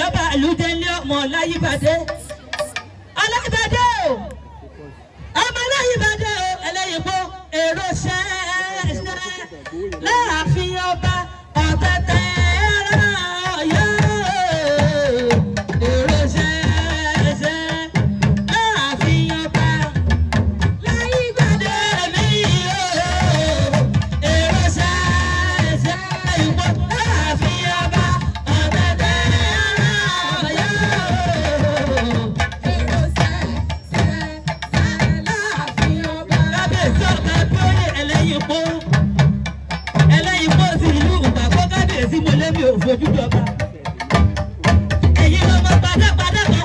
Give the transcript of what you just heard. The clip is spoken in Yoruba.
lọ́ba àlùdélé ọmọ ọláyíbadé ọláyíbadé o ọmọ ọláyíbadé o ẹlẹ́yìnbó èrò ṣẹ́ẹ́ṣẹ́ láàfin ọba ọ̀tẹ̀tẹ̀. tí mo lé mi ò fojú dọba. ẹ̀yin ló mọ padà kan.